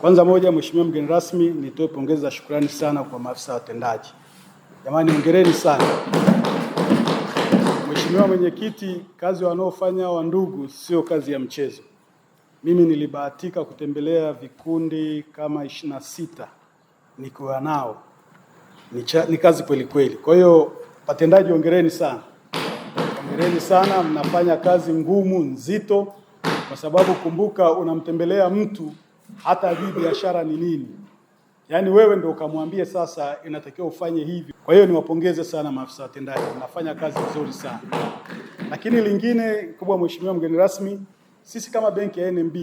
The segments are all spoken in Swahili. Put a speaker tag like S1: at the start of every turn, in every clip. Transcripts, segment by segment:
S1: Kwanza moja, Mheshimiwa mgeni rasmi, nitoe pongezi za shukrani sana kwa maafisa watendaji. Jamani, ongereni sana. Mheshimiwa mwenyekiti, kazi wanaofanya wa ndugu sio kazi ya mchezo. Mimi nilibahatika kutembelea vikundi kama ishirini na sita nikiwa nao, ni kazi kweli kweli. Kwa hiyo watendaji, ongereni sana, ongereni sana, mnafanya kazi ngumu nzito, kwa sababu kumbuka, unamtembelea mtu hata ajui biashara ni nini. Yaani wewe ndio ukamwambie sasa inatakiwa ufanye hivi. Kwa hiyo niwapongeze sana maafisa watendaji, mnafanya kazi nzuri sana. Lakini lingine kubwa, mheshimiwa mgeni rasmi, sisi kama benki ya NMB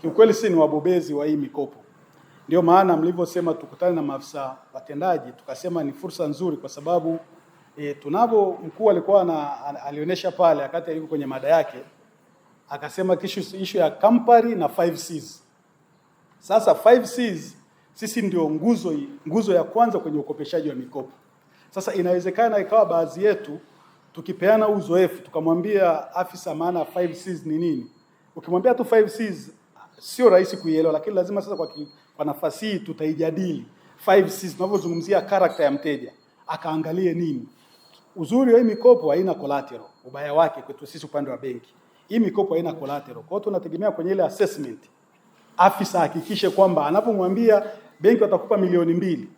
S1: kiukweli sisi ni wabobezi wa hii mikopo, ndio maana mlivyosema tukutane na maafisa watendaji, tukasema ni fursa nzuri kwa sababu e, tunavyo mkuu alikuwa na alionyesha pale wakati alikuwa kwenye mada yake akasema kishu issue ya Kampari na 5 Seas. Sasa 5 Cs sisi ndio nguzo, nguzo ya kwanza kwenye ukopeshaji wa mikopo. Sasa inawezekana ikawa baadhi yetu tukipeana uzoefu tukamwambia afisa maana 5 Cs ni nini. Ukimwambia tu 5 Cs sio rahisi kuielewa, lakini lazima sasa kwa, kwa nafasi hii tutaijadili 5 Cs tunavyozungumzia character ya mteja akaangalie nini. Uzuri wa hii mikopo haina collateral, ubaya wake kwetu sisi upande wa benki, hii mikopo haina collateral. Kwa hiyo tunategemea kwenye ile assessment afisa ahakikishe kwamba anapomwambia benki watakupa milioni mbili,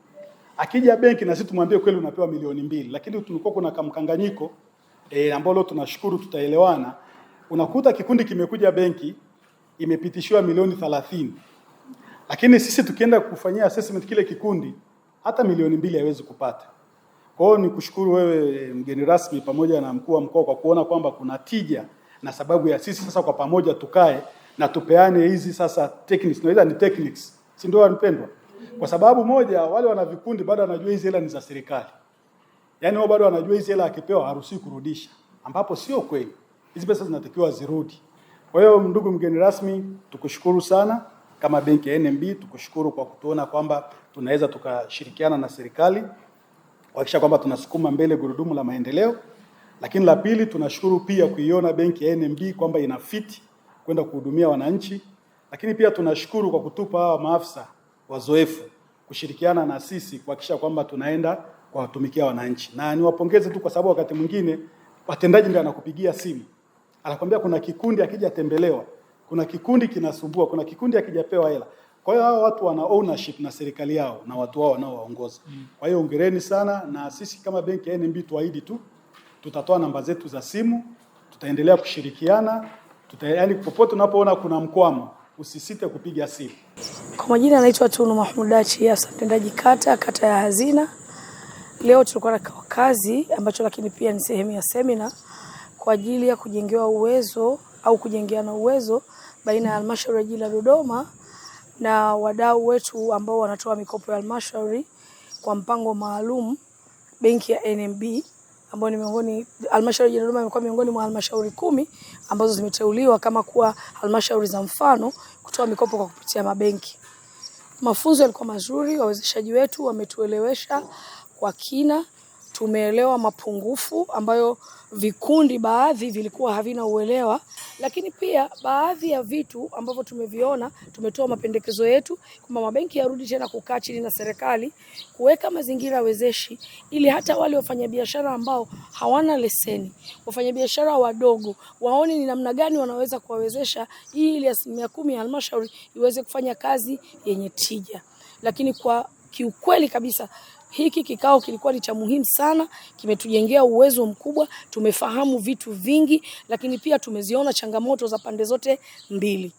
S1: akija benki na sisi tumwambie kweli unapewa milioni mbili. Lakini tulikuwa kuna kamkanganyiko e, ambalo tunashukuru tutaelewana. Unakuta kikundi kimekuja benki imepitishiwa milioni thalathini, lakini sisi tukienda kufanyia assessment kile kikundi hata milioni mbili haiwezi kupata. Kwa hiyo ni kushukuru wewe mgeni rasmi pamoja na mkuu wa mkoa kwa kuona kwamba kuna tija na sababu ya sisi sasa kwa pamoja tukae na tupeane hizi sasa techniques, na ni techniques, si ndio wanapendwa? Kwa sababu moja, wale wana vikundi bado wanajua hizi hela ni za serikali, yaani wao bado wanajua hizi hela akipewa haruhusiwi kurudisha, ambapo sio kweli. Hizi pesa zinatakiwa zirudi. Kwa hiyo, ndugu mgeni rasmi, tukushukuru sana kama benki ya NMB, tukushukuru kwa kutuona kwamba tunaweza tukashirikiana na serikali kuhakikisha kwamba tunasukuma mbele gurudumu la maendeleo. Lakini la pili, tunashukuru pia kuiona benki ya NMB kwamba ina fiti kwenda kuhudumia wananchi, lakini pia tunashukuru kwa kutupa hawa maafisa wazoefu kushirikiana na sisi kuhakikisha kwamba tunaenda kuwatumikia wananchi. Na niwapongeze tu kwa sababu wakati mwingine watendaji ndio anakupigia simu anakwambia kuna kikundi akijatembelewa, kuna kikundi kinasumbua, kuna kikundi akijapewa hela. Kwa hiyo hawa watu wana ownership na serikali yao na watu wao wanaowaongoza. Mm. Kwa hiyo ongereni sana, na sisi kama benki ya NMB tuahidi tu tutatoa namba zetu za simu, tutaendelea kushirikiana tuta, yani popote unapoona kuna mkwamo usisite kupiga simu.
S2: Kwa majina anaitwa Tunu Mahmudachi Asa, mtendaji kata kata ya Hazina. Leo tulikuwa na kazi ambacho lakini pia ni sehemu ya semina kwa ajili ya kujengewa uwezo au kujengeana uwezo baina ya halmashauri ya jiji la Dodoma na wadau wetu ambao wanatoa mikopo ya halmashauri kwa mpango maalum benki ya NMB ambayo ni miongoni halmashauri ya Dodoma imekuwa miongoni mwa halmashauri kumi ambazo zimeteuliwa kama kuwa halmashauri za mfano kutoa mikopo kwa kupitia mabenki. Mafunzo yalikuwa mazuri, wawezeshaji wetu wametuelewesha kwa kina tumeelewa mapungufu ambayo vikundi baadhi vilikuwa havina uelewa, lakini pia baadhi ya vitu ambavyo tumeviona, tumetoa mapendekezo yetu kwamba mabenki yarudi tena kukaa chini na serikali kuweka mazingira wezeshi, ili hata wale wafanyabiashara ambao hawana leseni, wafanyabiashara wadogo, waone ni namna gani wanaweza kuwawezesha hii, ili asilimia kumi ya halmashauri iweze kufanya kazi yenye tija, lakini kwa kiukweli kabisa hiki kikao kilikuwa ni cha muhimu sana, kimetujengea uwezo mkubwa, tumefahamu vitu vingi, lakini pia tumeziona changamoto za pande zote mbili.